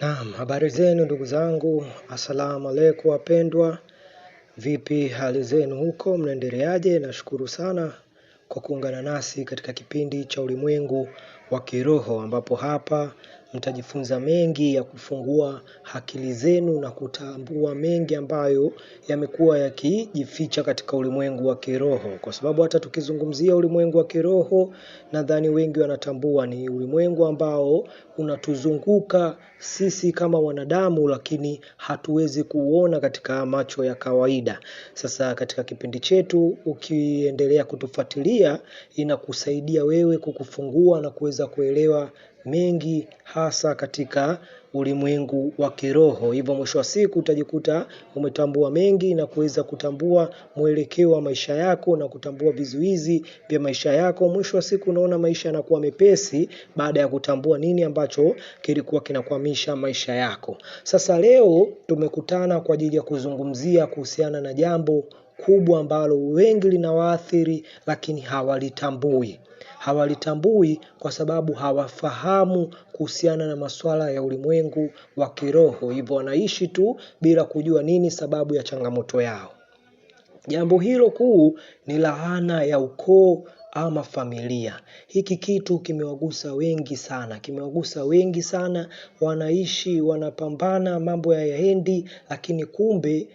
Naam, habari zenu ndugu zangu, asalamu aleku wapendwa. Vipi hali zenu huko, mnaendeleaje? Nashukuru sana kwa kuungana nasi katika kipindi cha Ulimwengu wa Kiroho, ambapo hapa mtajifunza mengi ya kufungua akili zenu na kutambua mengi ambayo yamekuwa yakijificha katika ulimwengu wa kiroho, kwa sababu hata tukizungumzia ulimwengu wa kiroho, nadhani wengi wanatambua ni ulimwengu ambao unatuzunguka sisi kama wanadamu, lakini hatuwezi kuona katika macho ya kawaida. Sasa katika kipindi chetu ukiendelea kutufuatilia, inakusaidia wewe kukufungua na kuweza kuelewa mengi hasa katika ulimwengu wa kiroho. Hivyo mwisho wa siku utajikuta umetambua mengi na kuweza kutambua mwelekeo wa maisha yako na kutambua vizuizi vya maisha yako. Mwisho wa siku unaona maisha yanakuwa mepesi baada ya kutambua nini ambacho kilikuwa kinakwamisha maisha yako. Sasa leo tumekutana kwa ajili ya kuzungumzia kuhusiana na jambo kubwa ambalo wengi linawaathiri, lakini hawalitambui. Hawalitambui kwa sababu hawafahamu kuhusiana na masuala ya ulimwengu wa kiroho, hivyo wanaishi tu bila kujua nini sababu ya changamoto yao. Jambo hilo kuu ni laana ya ukoo ama familia. Hiki kitu kimewagusa wengi sana, kimewagusa wengi sana, wanaishi wanapambana, mambo hayaendi, lakini kumbe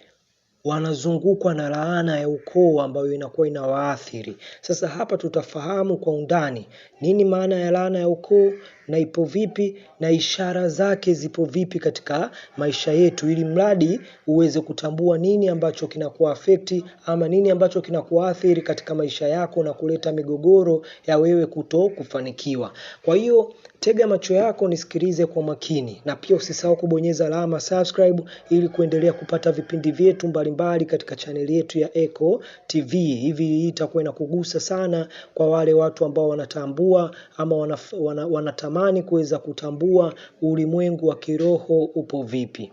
wanazungukwa na laana ya ukoo ambayo inakuwa inawaathiri. Sasa hapa tutafahamu kwa undani nini maana ya laana ya ukoo na ipo vipi na ishara zake zipo vipi katika maisha yetu, ili mradi uweze kutambua nini ambacho kinakuwa afekti ama nini ambacho kinakuathiri katika maisha yako na kuleta migogoro ya wewe kuto kufanikiwa. Kwa hiyo Tega macho yako nisikilize kwa makini, na pia usisahau kubonyeza alama subscribe ili kuendelea kupata vipindi vyetu mbalimbali katika chaneli yetu ya Eko TV. Hivi itakuwa inakugusa sana kwa wale watu ambao wanatambua ama wanaf, wana, wanatamani kuweza kutambua ulimwengu wa kiroho upo vipi.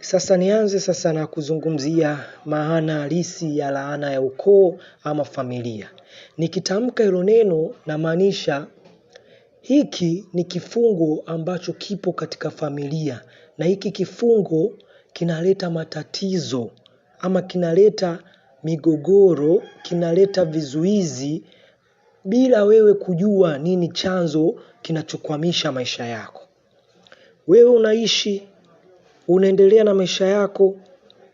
Sasa nianze sasa na kuzungumzia maana halisi ya laana ya ukoo ama familia. Nikitamka hilo neno namaanisha hiki ni kifungo ambacho kipo katika familia na hiki kifungo kinaleta matatizo ama kinaleta migogoro, kinaleta vizuizi bila wewe kujua nini chanzo kinachokwamisha maisha yako. Wewe unaishi, unaendelea na maisha yako,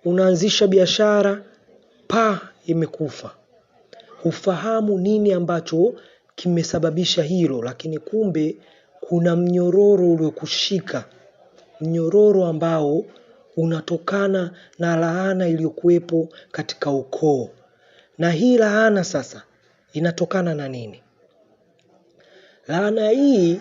unaanzisha biashara, paa imekufa. Hufahamu nini ambacho kimesababisha hilo, lakini kumbe kuna mnyororo uliokushika, mnyororo ambao unatokana na laana iliyokuwepo katika ukoo. Na hii laana sasa inatokana na nini? Laana hii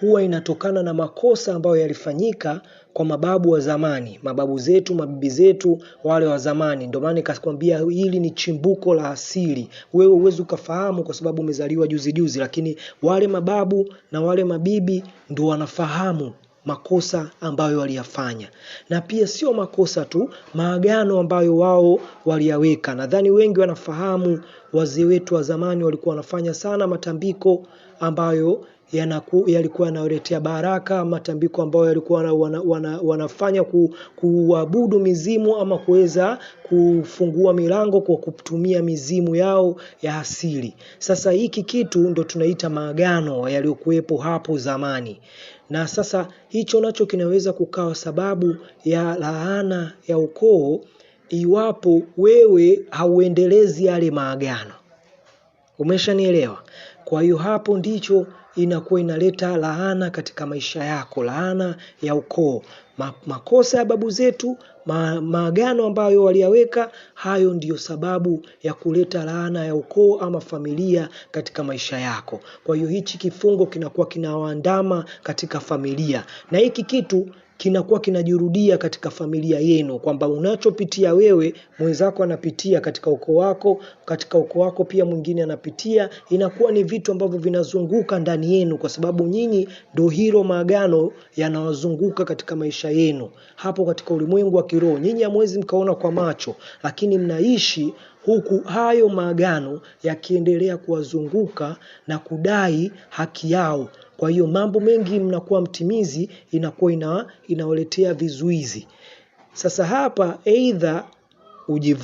huwa inatokana na makosa ambayo yalifanyika kwa mababu wa zamani, mababu zetu, mabibi zetu wale wa zamani. Ndio maana nikakwambia hili ni chimbuko la asili. Wewe huwezi ukafahamu kwa sababu umezaliwa juzi juzi, lakini wale mababu na wale mabibi ndio wanafahamu makosa ambayo waliyafanya, na pia sio makosa tu, maagano ambayo wao waliyaweka. Nadhani wengi wanafahamu, wazee wetu wa zamani walikuwa wanafanya sana matambiko ambayo yanaku, yalikuwa yanayoletea baraka, matambiko ambayo yalikuwa wana, wana, wanafanya ku, kuabudu mizimu ama kuweza kufungua milango kwa kutumia mizimu yao ya asili. Sasa hiki kitu ndo tunaita maagano yaliyokuwepo hapo zamani na sasa hicho nacho kinaweza kukawa sababu ya laana ya ukoo iwapo wewe hauendelezi yale maagano. Umeshanielewa? Kwa hiyo hapo ndicho inakuwa inaleta laana katika maisha yako, laana ya ukoo. Makosa ya babu zetu, maagano ambayo waliyaweka, hayo ndiyo sababu ya kuleta laana ya ukoo ama familia katika maisha yako. Kwa hiyo hichi kifungo kinakuwa kinawaandama katika familia, na hiki kitu kinakuwa kinajirudia katika familia yenu, kwamba unachopitia wewe mwenzako anapitia katika ukoo wako, katika ukoo wako pia mwingine anapitia. Inakuwa ni vitu ambavyo vinazunguka ndani yenu, kwa sababu nyinyi ndio hilo maagano yanawazunguka katika maisha yenu. Hapo katika ulimwengu wa kiroho nyinyi hamwezi mkaona kwa macho, lakini mnaishi huku hayo maagano yakiendelea kuwazunguka na kudai haki yao. Kwa hiyo mambo mengi mnakuwa mtimizi, inakuwa ina, inawaletea vizuizi. Sasa hapa aidha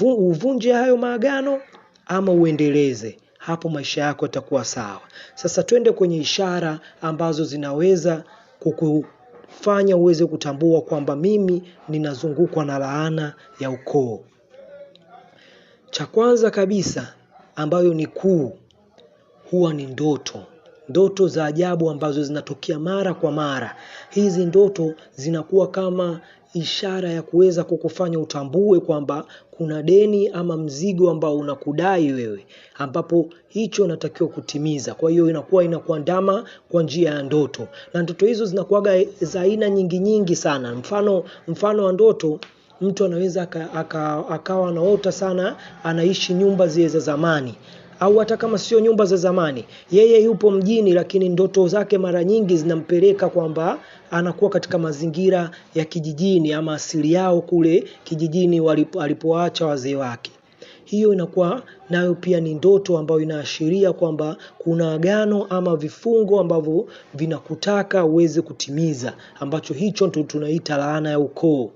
uvunje hayo maagano ama uendeleze hapo maisha yako yatakuwa sawa. Sasa twende kwenye ishara ambazo zinaweza kukufanya uweze kutambua kwamba mimi ninazungukwa na laana ya ukoo. Cha kwanza kabisa ambayo ni kuu huwa ni ndoto ndoto za ajabu ambazo zinatokea mara kwa mara. Hizi ndoto zinakuwa kama ishara ya kuweza kukufanya utambue kwamba kuna deni ama mzigo ambao unakudai wewe, ambapo hicho unatakiwa kutimiza. Kwa hiyo inakuwa inakuandama kwa njia ya ndoto, na ndoto hizo zinakuwaga za aina nyingi nyingi sana. Mfano mfano wa ndoto mtu anaweza akawa aka, aka anaota sana anaishi nyumba zile za zamani au hata kama sio nyumba za zamani, yeye yupo mjini, lakini ndoto zake mara nyingi zinampeleka kwamba anakuwa katika mazingira ya kijijini ama asili yao kule kijijini walipo, alipoacha wazee wake. Hiyo inakuwa nayo pia ni ndoto ambayo inaashiria kwamba kuna agano ama vifungo ambavyo vinakutaka uweze kutimiza, ambacho hicho ndo tunaita laana ya ukoo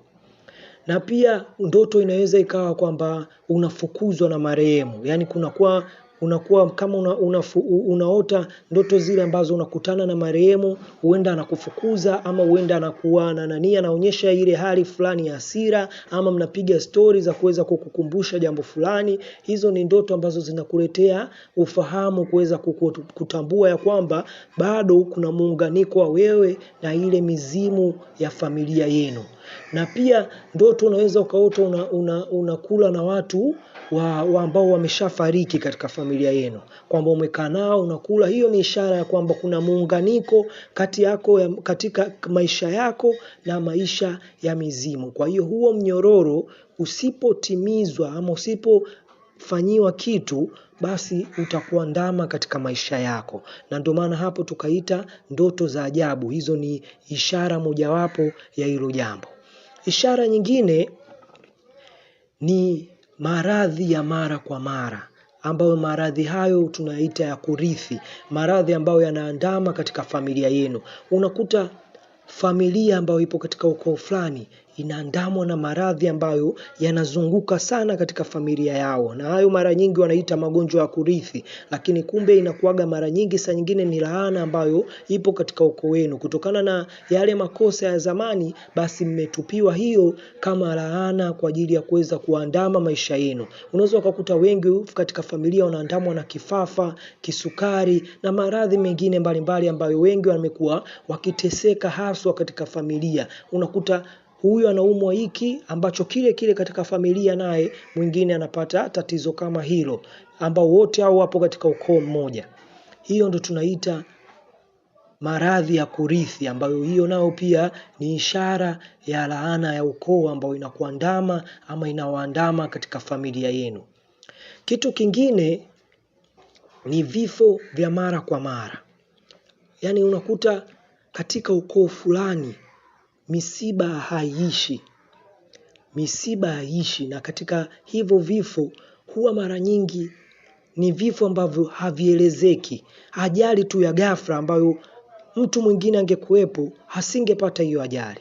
na pia ndoto inaweza ikawa kwamba unafukuzwa na marehemu, yaani kunakuwa unakuwa kama una, una, unaota ndoto zile ambazo unakutana na marehemu, huenda anakufukuza ama huenda anakuwa na nani, anaonyesha ile hali fulani ya hasira, ama mnapiga stori za kuweza kukukumbusha jambo fulani. Hizo ni ndoto ambazo zinakuletea ufahamu kuweza kutambua ya kwamba bado kuna muunganiko wa wewe na ile mizimu ya familia yenu. Na pia ndoto unaweza ukaota unakula una, una na watu wa, wa ambao wameshafariki katika familia yenu, kwamba umekaa nao unakula. Hiyo ni ishara ya kwamba kuna muunganiko kati yako ya, katika maisha yako na maisha ya mizimu. Kwa hiyo huo mnyororo usipotimizwa ama usipo fanyiwa kitu basi utakuandama katika maisha yako, na ndio maana hapo tukaita ndoto za ajabu. Hizo ni ishara mojawapo ya hilo jambo. Ishara nyingine ni maradhi ya mara kwa mara ambayo maradhi hayo tunaita ya kurithi, maradhi ambayo yanaandama katika familia yenu. Unakuta familia ambayo ipo katika ukoo fulani inaandamwa na maradhi ambayo yanazunguka sana katika familia yao, na hayo mara nyingi wanaita magonjwa ya kurithi, lakini kumbe inakuaga mara nyingi saa nyingine ni laana ambayo ipo katika ukoo wenu kutokana na yale makosa ya zamani, basi mmetupiwa hiyo kama laana kwa ajili ya kuweza kuandama maisha yenu. Unaweza ukakuta wengi katika familia wanaandamwa na kifafa, kisukari na maradhi mengine mbalimbali ambayo wengi wamekuwa wakiteseka haswa katika familia. Unakuta huyu anaumwa hiki ambacho kile kile katika familia, naye mwingine anapata tatizo kama hilo, ambao wote hao wapo katika ukoo mmoja. Hiyo ndo tunaita maradhi ya kurithi, ambayo hiyo nao pia ni ishara ya laana ya ukoo ambayo inakuandama ama inawaandama katika familia yenu. Kitu kingine ni vifo vya mara kwa mara, yaani unakuta katika ukoo fulani Misiba haiishi, misiba haiishi, na katika hivyo vifo huwa mara nyingi ni vifo ambavyo havielezeki, ajali tu ya ghafla ambayo mtu mwingine angekuwepo asingepata hiyo ajali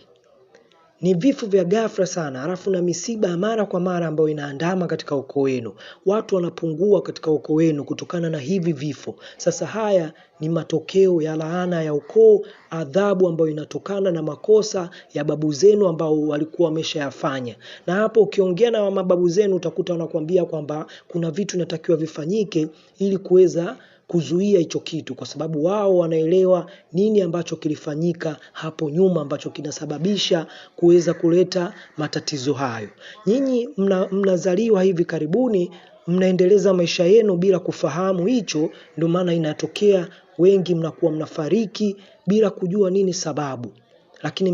ni vifo vya ghafla sana, halafu na misiba ya mara kwa mara ambayo inaandama katika ukoo wenu. Watu wanapungua katika ukoo wenu kutokana na hivi vifo. Sasa haya ni matokeo ya laana ya ukoo, adhabu ambayo inatokana na makosa ya babu zenu ambao walikuwa wameshayafanya. Na hapo ukiongea na mababu zenu utakuta wanakuambia kwamba kuna vitu inatakiwa vifanyike ili kuweza kuzuia hicho kitu, kwa sababu wao wanaelewa nini ambacho kilifanyika hapo nyuma ambacho kinasababisha kuweza kuleta matatizo hayo. Nyinyi mna, mnazaliwa hivi karibuni mnaendeleza maisha yenu bila kufahamu hicho, ndio maana inatokea wengi mnakuwa mnafariki bila kujua nini sababu, lakini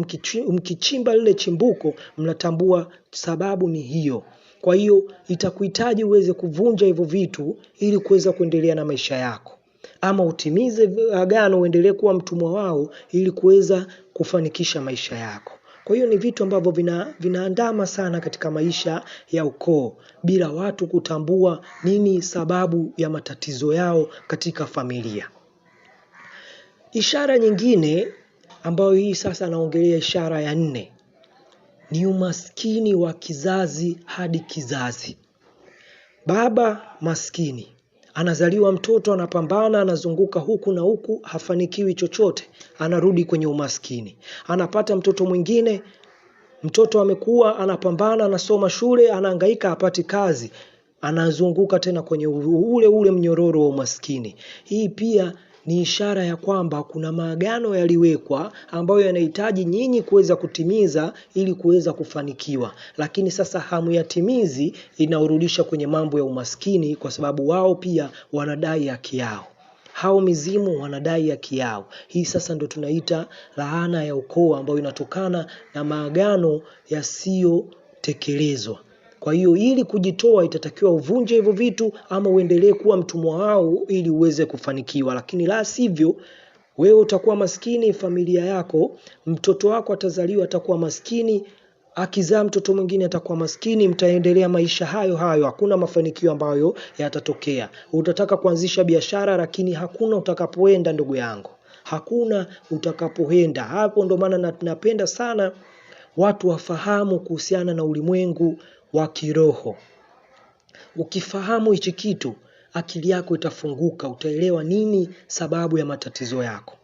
mkichimba lile chimbuko mnatambua sababu ni hiyo. Kwa hiyo itakuhitaji uweze kuvunja hivyo vitu ili kuweza kuendelea na maisha yako, ama utimize agano, uendelee kuwa mtumwa wao ili kuweza kufanikisha maisha yako. Kwa hiyo ni vitu ambavyo vina, vinaandama sana katika maisha ya ukoo bila watu kutambua nini sababu ya matatizo yao katika familia. Ishara nyingine ambayo hii sasa naongelea ishara ya nne ni umaskini wa kizazi hadi kizazi. Baba maskini anazaliwa mtoto, anapambana, anazunguka huku na huku, hafanikiwi chochote, anarudi kwenye umaskini. Anapata mtoto mwingine, mtoto amekuwa, anapambana, anasoma shule, anahangaika, apati kazi, anazunguka tena kwenye ule ule mnyororo wa umaskini. Hii pia ni ishara ya kwamba kuna maagano yaliwekwa ambayo yanahitaji nyinyi kuweza kutimiza ili kuweza kufanikiwa, lakini sasa hamu ya timizi inaurudisha kwenye mambo ya umaskini, kwa sababu wao pia wanadai haki yao hao mizimu wanadai haki yao. Hii sasa ndo tunaita laana ya ukoo ambayo inatokana na maagano yasiyotekelezwa. Kwa hiyo ili kujitoa, itatakiwa uvunje hivyo vitu ama uendelee kuwa mtumwa wao ili uweze kufanikiwa, lakini la sivyo wewe utakuwa maskini, familia yako, mtoto wako atazaliwa atakuwa maskini, akizaa mtoto mwingine atakuwa maskini, mtaendelea maisha hayo hayo, hakuna mafanikio ambayo yatatokea. Utataka kuanzisha biashara, lakini hakuna utakapoenda, ndugu yangu, hakuna utakapoenda. Hapo ndo maana napenda sana watu wafahamu kuhusiana na ulimwengu wa kiroho. Ukifahamu hichi kitu, akili yako itafunguka, utaelewa nini sababu ya matatizo yako.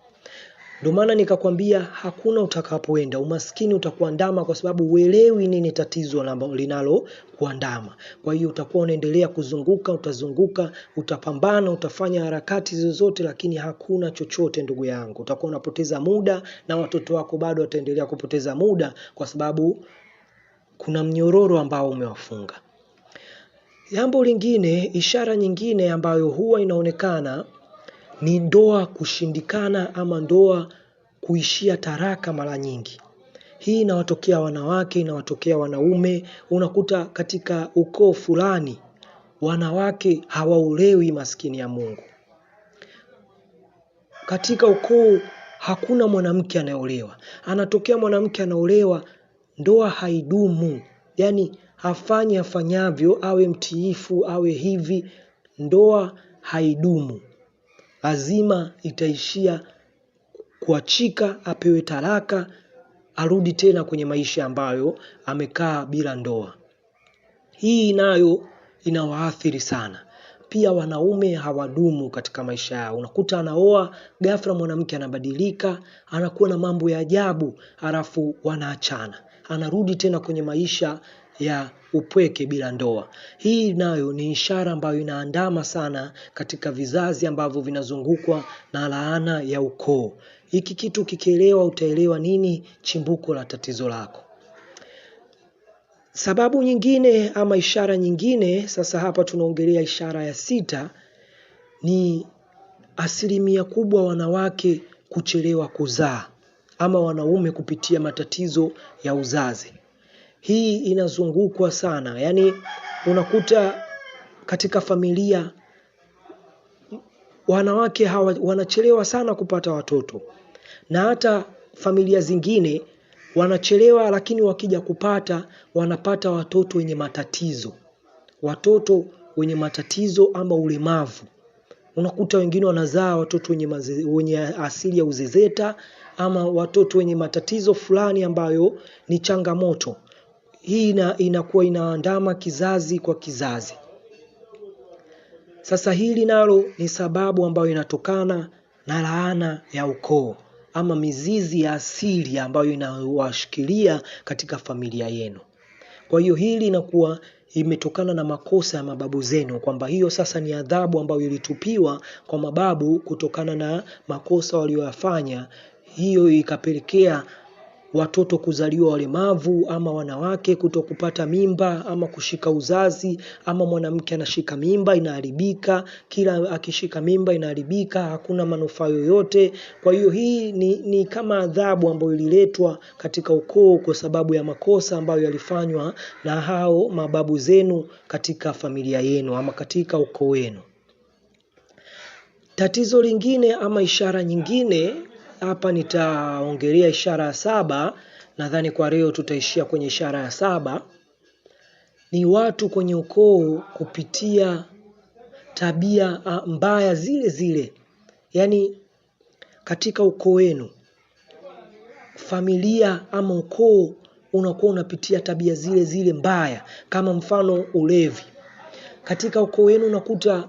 Ndio maana nikakwambia hakuna utakapoenda, umaskini utakuandama kwa sababu uelewi nini tatizo linalokuandama. Kwa hiyo utakuwa unaendelea kuzunguka, utazunguka, utapambana, utafanya harakati zozote, lakini hakuna chochote, ndugu yangu. Utakuwa unapoteza muda na watoto wako bado wataendelea kupoteza muda kwa sababu kuna mnyororo ambao umewafunga. Jambo lingine, ishara nyingine ambayo huwa inaonekana ni ndoa kushindikana ama ndoa kuishia taraka mara nyingi. Hii inawatokea wanawake, inawatokea wanaume. Unakuta katika ukoo fulani wanawake hawaolewi, maskini ya Mungu. Katika ukoo hakuna mwanamke anayeolewa, anatokea mwanamke anaolewa ndoa haidumu. Yaani hafanyi afanyavyo, awe mtiifu, awe hivi, ndoa haidumu, lazima itaishia kuachika, apewe talaka, arudi tena kwenye maisha ambayo amekaa bila ndoa. Hii nayo inawaathiri sana. Pia wanaume hawadumu katika maisha yao. Unakuta anaoa ghafla, mwanamke anabadilika, anakuwa na mambo ya ajabu, halafu wanaachana anarudi tena kwenye maisha ya upweke bila ndoa. Hii nayo ni ishara ambayo inaandama sana katika vizazi ambavyo vinazungukwa na laana ya ukoo. Hiki kitu kikielewa, utaelewa nini chimbuko la tatizo lako. Sababu nyingine ama ishara nyingine, sasa hapa tunaongelea ishara ya sita, ni asilimia kubwa wanawake kuchelewa kuzaa ama wanaume kupitia matatizo ya uzazi. Hii inazungukwa sana, yaani unakuta katika familia wanawake hawa, wanachelewa sana kupata watoto na hata familia zingine wanachelewa, lakini wakija kupata wanapata watoto wenye matatizo, watoto wenye matatizo ama ulemavu. Unakuta wengine wanazaa watoto wenye, wenye asili ya uzezeta ama watoto wenye matatizo fulani ambayo ni changamoto. Hii ina, inakuwa inaandama kizazi kwa kizazi. Sasa hili nalo ni sababu ambayo inatokana na laana ya ukoo ama mizizi ya asili ambayo inawashikilia katika familia yenu. Kwa hiyo hili inakuwa imetokana na makosa ya mababu zenu, kwamba hiyo sasa ni adhabu ambayo ilitupiwa kwa mababu kutokana na makosa walioyafanya hiyo ikapelekea watoto kuzaliwa walemavu ama wanawake kuto kupata mimba ama kushika uzazi, ama mwanamke anashika mimba inaharibika, kila akishika mimba inaharibika, hakuna manufaa yoyote. Kwa hiyo hii ni, ni kama adhabu ambayo ililetwa katika ukoo kwa sababu ya makosa ambayo yalifanywa na hao mababu zenu katika familia yenu ama katika ukoo wenu. Tatizo lingine ama ishara nyingine hapa nitaongelea ishara ya saba. Nadhani kwa leo tutaishia kwenye ishara ya saba. Ni watu kwenye ukoo kupitia tabia mbaya zile zile, yaani katika ukoo wenu, familia ama ukoo unakuwa unapitia tabia zile zile mbaya, kama mfano ulevi. Katika ukoo wenu unakuta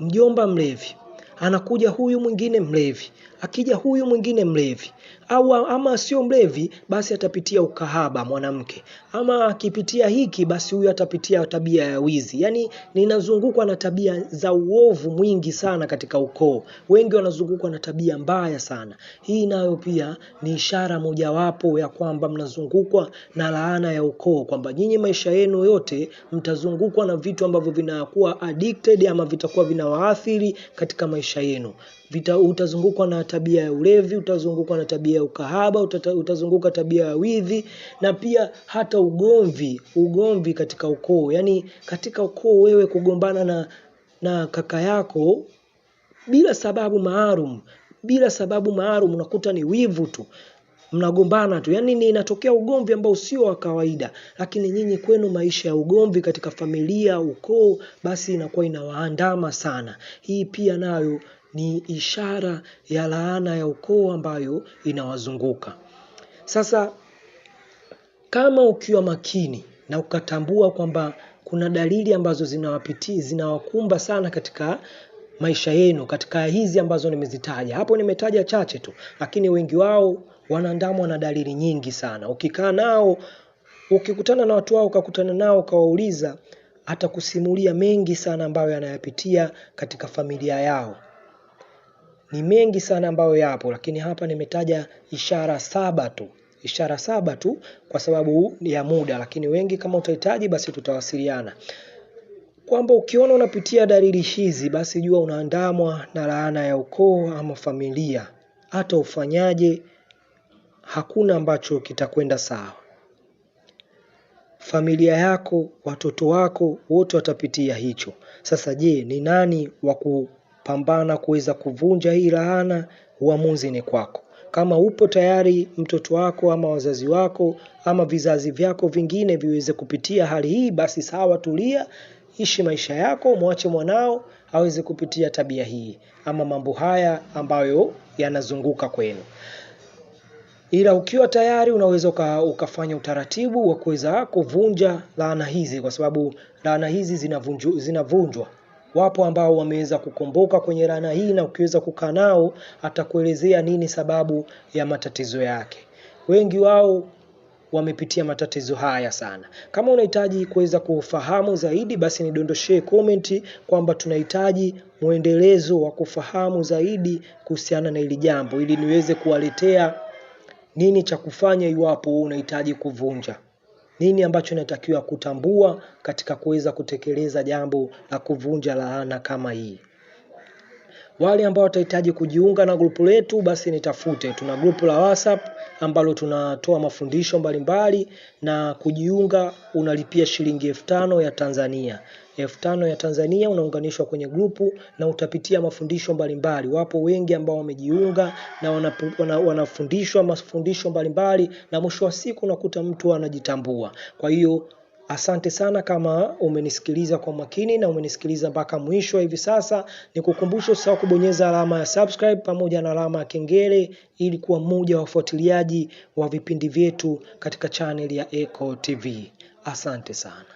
mjomba mlevi, anakuja huyu mwingine mlevi, akija huyu mwingine mlevi, au ama sio mlevi, basi atapitia ukahaba mwanamke, ama akipitia hiki, basi huyu atapitia tabia ya wizi. Yani ninazungukwa na tabia za uovu mwingi sana katika ukoo, wengi wanazungukwa na tabia mbaya sana. Hii nayo pia ni ishara mojawapo ya kwamba mnazungukwa na laana ya ukoo, kwamba nyinyi maisha yenu yote mtazungukwa na vitu ambavyo vinakuwa addicted ama vitakuwa vinawaathiri katika maisha yenu vita, utazungukwa na tabia ya ulevi, utazungukwa na tabia ya ukahaba, utazunguka tabia ya wivi na pia hata ugomvi, ugomvi katika ukoo. Yaani katika ukoo wewe kugombana na na kaka yako bila sababu maalum, bila sababu maalum, unakuta ni wivu tu mnagombana tu, yaani ni inatokea ugomvi ambao sio wa kawaida, lakini nyinyi kwenu maisha ya ugomvi katika familia, ukoo, basi inakuwa inawaandama sana. Hii pia nayo ni ishara ya laana ya ukoo ambayo inawazunguka. Sasa kama ukiwa makini na ukatambua kwamba kuna dalili ambazo zinawapitia zinawakumba sana katika maisha yenu, katika hizi ambazo nimezitaja hapo, nimetaja chache tu, lakini wengi wao wanandamu na dalili nyingi sana. Ukikaa nao, ukikutana na watu wao, ukakutana nao, ukawauliza, atakusimulia mengi sana ambayo anayapitia katika familia yao. Ni mengi sana ambayo yapo, lakini hapa nimetaja ishara saba tu, ishara saba tu kwa sababu ya muda, lakini wengi kama utahitaji basi tutawasiliana kwamba ukiona unapitia dalili hizi basi jua unaandamwa na laana ya ukoo ama familia. Hata ufanyaje, hakuna ambacho kitakwenda sawa. Familia yako, watoto wako wote watapitia hicho. Sasa je, ni nani wa ku pambana kuweza kuvunja hii laana. Uamuzi ni kwako. Kama upo tayari mtoto wako ama wazazi wako ama vizazi vyako vingine viweze kupitia hali hii, basi sawa, tulia, ishi maisha yako, mwache mwanao aweze kupitia tabia hii ama mambo haya ambayo yanazunguka kwenu. Ila ukiwa tayari unaweza uka, ukafanya utaratibu wa kuweza kuvunja laana hizi, kwa sababu laana hizi zinavunjwa, zinavunjwa Wapo ambao wameweza kukomboka kwenye laana hii, na ukiweza kukaa nao atakuelezea nini sababu ya matatizo yake. Wengi wao wamepitia matatizo haya sana. Kama unahitaji kuweza kufahamu zaidi, basi nidondoshee comment kwamba tunahitaji mwendelezo wa kufahamu zaidi kuhusiana na hili jambo, ili niweze kuwaletea nini cha kufanya iwapo unahitaji kuvunja nini ambacho inatakiwa kutambua katika kuweza kutekeleza jambo la kuvunja laana kama hii. Wale ambao watahitaji kujiunga na grupu letu, basi nitafute. Tuna grupu la WhatsApp ambalo tunatoa mafundisho mbalimbali, na kujiunga unalipia shilingi elfu tano ya Tanzania elfu tano ya Tanzania unaunganishwa kwenye grupu na utapitia mafundisho mbalimbali. Wapo wengi ambao wamejiunga na wanafundishwa wana mafundisho mbalimbali, na mwisho wa siku unakuta mtu anajitambua. Kwa hiyo Asante sana kama umenisikiliza kwa makini na umenisikiliza mpaka mwisho hivi sasa. Nikukumbushe usahau kubonyeza alama ya subscribe pamoja na alama ya kengele ili kuwa mmoja wa wafuatiliaji wa vipindi vyetu katika channel ya Eko TV. Asante sana.